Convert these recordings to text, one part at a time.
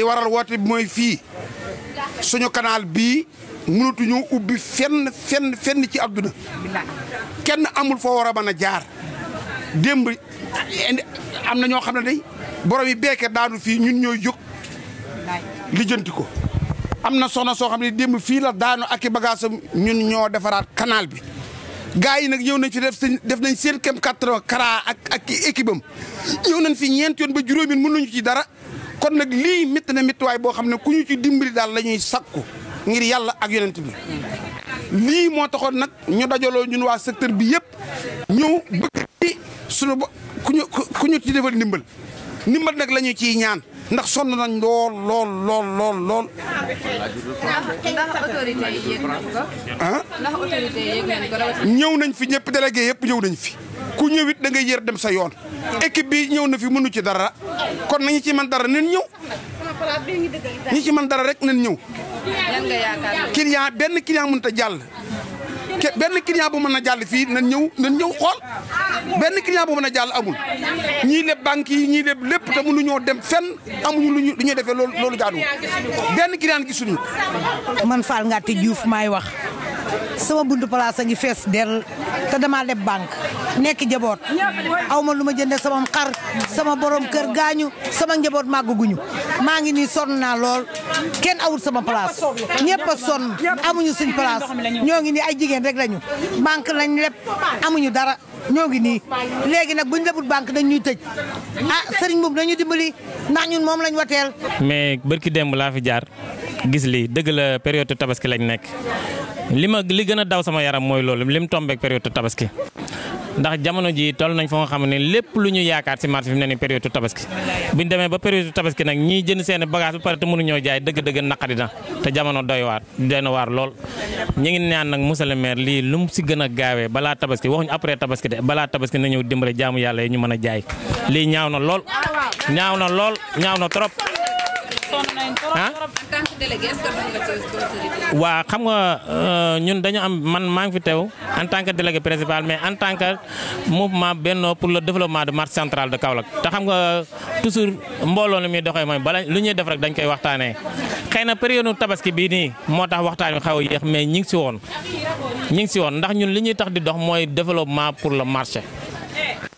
li waral woote mooy fii suñu kanaal bii mënatuñu ubbi fenn fenn fenn ci àdduna kenn amul foo war a mën a jaar démb am na ñoo xam ne day borom yi beeke daanu fii ñun ñooy jóg lijjanti am na soxna soo xam ne démb fii la daanu ak i bagage ñun ñoo defaraat kanaal bi gaa yi nag ñëw nañ fi def def nañ seen kem kattan kara ak ak équipe ñëw nañ fi ñeent yoon ba juróomi nañu ci dara kon nag lii métti na méttiwaay boo xam ne ku ñu ci dimbali daal la ñuy sakku ngir yàlla ak yonent bi lii moo taxoon nag ñu dajaloo ñun waa secteur bi yëpp ñëw bëgg ci suñu bo ku ñu ci defal ndimbal ndimbal nag lañu ñu ciy ñaan ndax sonn nañ lool lool lool lool lool. ndax autorité yi ñëw nañ fi ñëpp délégué yëpp ñëw nañ fi. ku ñëwit da ngay yër dem sa yoon équipe bi ñëw na fi mënu ci dara kon nañu ci man dara nen ñëw ñi ci man dara rek nen ñëw client benn client mënut a jàll benn client bu mën a jàll fii na ñëw nan ñëw xool benn client bu mën a jàll amul ñii leb banque yi ñii leb lépp te ñëw dem fenn amuñu lu ñu lu ñuy defee loolu loolu jaaduwul benn client gisuñu man Fall Ngati Diouf maay wax sama buntu place ngi fess del te dama leb bank, nek jabot awma luma lu sama xar sama borom keur gañu sama njaboot màgguguñu maa ngi nii sonn naa ken awul sama place ñepp son amuñu suñ place ñoo ngi nii ay jigen rek lañu bank lañ leb amuñu dara ñoo ngi nii nak nag buñ lebut bank dañ ñuy ah sëriñ mom nañu dimbali ndax ñun mom lañ watel mais barki démb la fi jaar gis li deug la période tabaski lañ nek li ma li gën a daw sama yaram mooy loolu lim tombeek période tabaski ndax jamono ji toll nañ foo nga xam ne lépp lu ñu yaakaar si marché fi mu ne nii période tabaski bu ñu demee ba période tabaski nag ñiy jënd seen bagage ba pare te mënuñoo jaay dëgg-dëgg naqari na te jamono doy waar doy na waar lool. ñu ngi naan nag monsieur le maire lii lu mu si gën a gaawee balaa tabaski waxuñu après tabaski de balaa tabaski na ñëw dimbale jaamu yàlla yi ñu mën a jaay lii ñaaw na lool ñaaw na lool ñaaw ah waa xam nga euh, ñun dañu am man maa ngi fi teew en tant que délégué principal mais en tant que mouvement Benno pour le développement de marché central de Kaolack te xam nga toujours mbooloo ni muy doxee mooy bala lu ñuy def rek dañ koy waxtaanee xëy na période tabaski bii nii moo tax waxtaan wi xaw a mais ñi ngi si woon ñi ngi si woon ndax ñun li ñuy tax di dox mooy développement pour le marché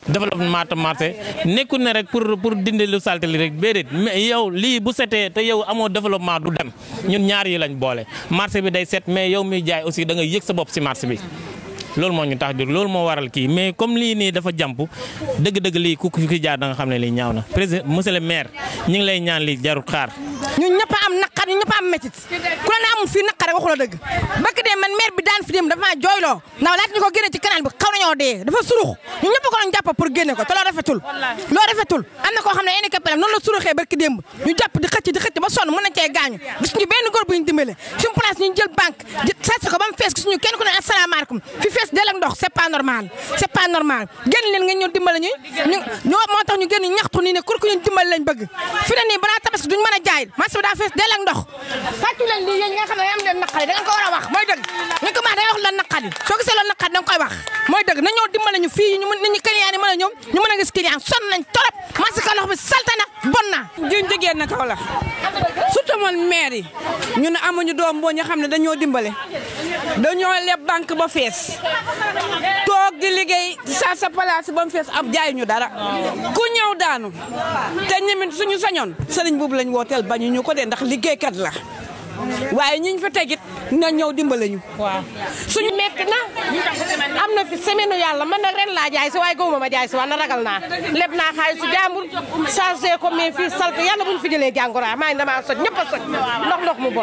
développement marché nekkul na rek pour pour dindi lu salte li rek déedéet mais yow lii bu setee te yow amoo développement du dem ñun ñaar yi lañ boole marché bi day set mais yow muy jaay aussi da nga yëg sa bopp si marché bi. loolu moo ñu tax jóg loolu moo waral kii mais comme lii nii dafa jàmp dëgg-dëgg lii ku fi jaar da nga xam ne lii ñaaw na président monsieur le maire ñu ngi lay ñaan lii jarul xaar. ñun ñëpp am naqar ñun ñëpp am métit ku la na amul fii naqar rek waxu la dëgg bakk dee man bi daan fi dem dafa maa jooyloo ndax laata ñu ko génne ci canal bi xaw nañoo dee dafa surux ñun ñëpp ko doon jàpp pour génne ko te loo rafetul loo xam ne handicapé la noonu la suruxee barki démb ñu jàpp di xëcc di xëcc ba sonn dimbale suñu place moo tax ñu génn ñaxtu nii kur ku ñu dimbale lañ bëgg fi ne nii balaa tabaski duñ mën a jaay marché bi daa fees dell ak ndox fàccu leen lii yéen ñi nga xam ne am leen naqari da ngeen ko war a wax mooy dëgg ñu ko maax da ngay wax la naqari soo gisee loolu na da nga koy wax mooy dëgg na ñëw dimbale ñu fii ñu nit ñi client yi mën a ñëw ñu mën a gis client sonn nañ torop marché Kaolack bi salte na bon na juñ jógee na Kaolack surtout moom yi ñu ne amuñu doom boo ñu xam ne dañoo dimbale dañoo leb banque ba fees toog di liggéey sa sa place ba mu fees am jaay ñu dara ku ñaw daanu te ñemit suñu sañoon sëriñ boobu lañ wootel bañu ñu ko dee ndax liggéey kat la waaye ñiñ fi tegit na ñëw dimbale ñu waaw suñu metti na am na fi semaine yàlla man nag ren laa jaay si waaye gawuma ma jaay si wàll ragal naa leb naa xaalis su jàmbur chargé ko mais fii salte yàlla buñ fi jëlee jàngoro maa ngi damaa soj ñëpp a soj ndox ndox mu bon